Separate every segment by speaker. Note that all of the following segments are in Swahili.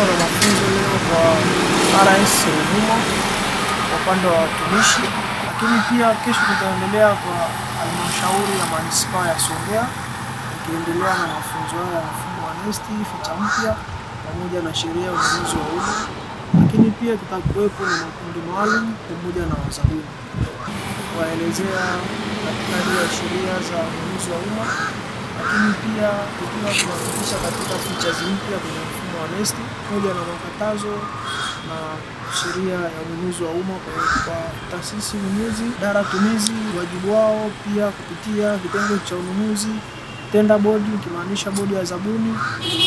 Speaker 1: Tulikuwa na mafunzo leo kwa RS Ruvuma kwa upande wa watumishi, lakini pia kesho tutaendelea kwa halmashauri ya manispaa ya Songea tukiendelea na mafunzo hayo ya mfumo wa NeST, Fita Mpya pamoja na sheria ya ununuzi wa umma, lakini pia tutakuwepo na makundi maalum pamoja na wazabuni kuwaelezea katika ya sheria za ununuzi wa umma lakini pia tukiwa kuhakikisha katika features mpya kwenye mfumo wa NeST moja na makatazo na sheria ya ununuzi wa umma kwa taasisi ununuzi, dara tumizi, wajibu wao pia kupitia kitengo cha ununuzi tenda bodi ikimaanisha bodi ya zabuni,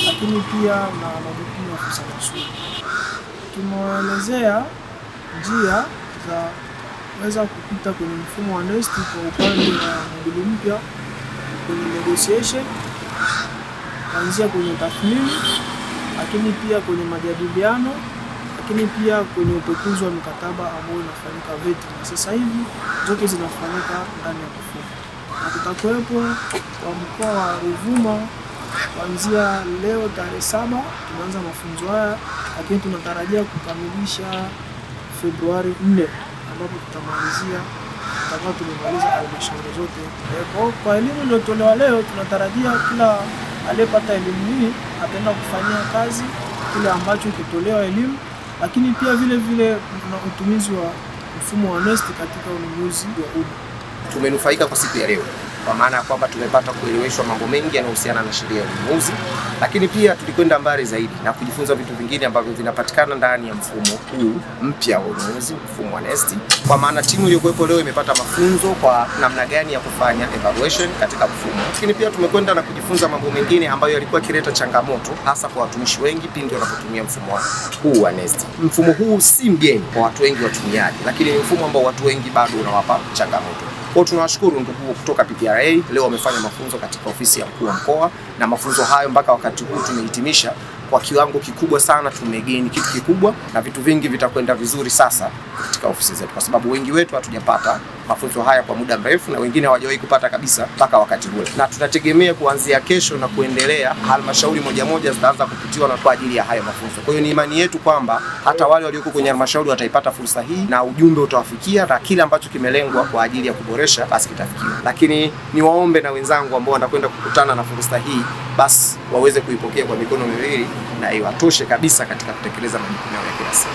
Speaker 1: lakini pia na majukumu ya afisa tasuku. njia za weza kupita kwenye mfumo wa NeST kwa upande wa moduli mpya kwenye negotiation, kuanzia kwenye tathmini, lakini pia kwenye majadiliano, lakini pia kwenye upekuzi wa mikataba ambayo inafanyika VETA, na sasa hivi zote zinafanyika ndani ya kifuko, na tutakuwepo kwa mkoa wa Ruvuma kuanzia leo tarehe saba tunaanza mafunzo haya, lakini tunatarajia kukamilisha Februari 4 ambapo tutamalizia tutakawa tumemaliza halmashauri zote. Kwa hiyo kwa elimu iliyotolewa leo, tunatarajia kila aliyepata elimu hii ataenda kufanyia kazi kile ambacho kitolewa elimu, lakini pia vile vile na utumizi wa mfumo wa NeST katika ununuzi wa umma.
Speaker 2: Tumenufaika kwa siku ya leo kwa maana ya kwamba tumepata kueleweshwa mambo mengi yanayohusiana na sheria ya ununuzi, lakini pia tulikwenda mbali zaidi na kujifunza vitu vingine ambavyo vinapatikana ndani ya mfumo huu mpya wa ununuzi, mfumo wa NeST, kwa maana timu iliyokuwepo leo imepata mafunzo kwa namna gani ya kufanya evaluation katika mfumo, lakini pia tumekwenda na kujifunza mambo mengine ambayo yalikuwa kileta changamoto hasa kwa watumishi wengi pindi wanapotumia mfumo huu wa NeST. Mfumo huu si mgeni kwa watu wengi watumiaji, lakini ni mfumo ambao watu wengi bado unawapa changamoto. Kwa hiyo tunawashukuru ndugu kutoka PPI TRA leo wamefanya mafunzo katika ofisi ya mkuu wa mkoa, na mafunzo hayo mpaka wakati huu tumehitimisha kwa kiwango kikubwa sana, tumegeni kitu kikubwa na vitu vingi vitakwenda vizuri sasa katika ofisi zetu, kwa sababu wengi wetu hatujapata mafunzo haya kwa muda mrefu na wengine hawajawahi kupata kabisa mpaka wakati huu, na tunategemea kuanzia kesho na kuendelea, halmashauri moja moja zitaanza kupitiwa na kwa ajili ya haya mafunzo. Kwa hiyo ni imani yetu kwamba hata wale walioko kwenye halmashauri wataipata fursa hii na ujumbe utawafikia na kile ambacho kimelengwa kwa ajili ya kuboresha basi kitafikiwa. Lakini niwaombe na wenzangu ambao wanakwenda kukutana na fursa hii basi waweze kuipokea kwa mikono miwili na iwatoshe kabisa katika kutekeleza majukumu yao ya kila siku.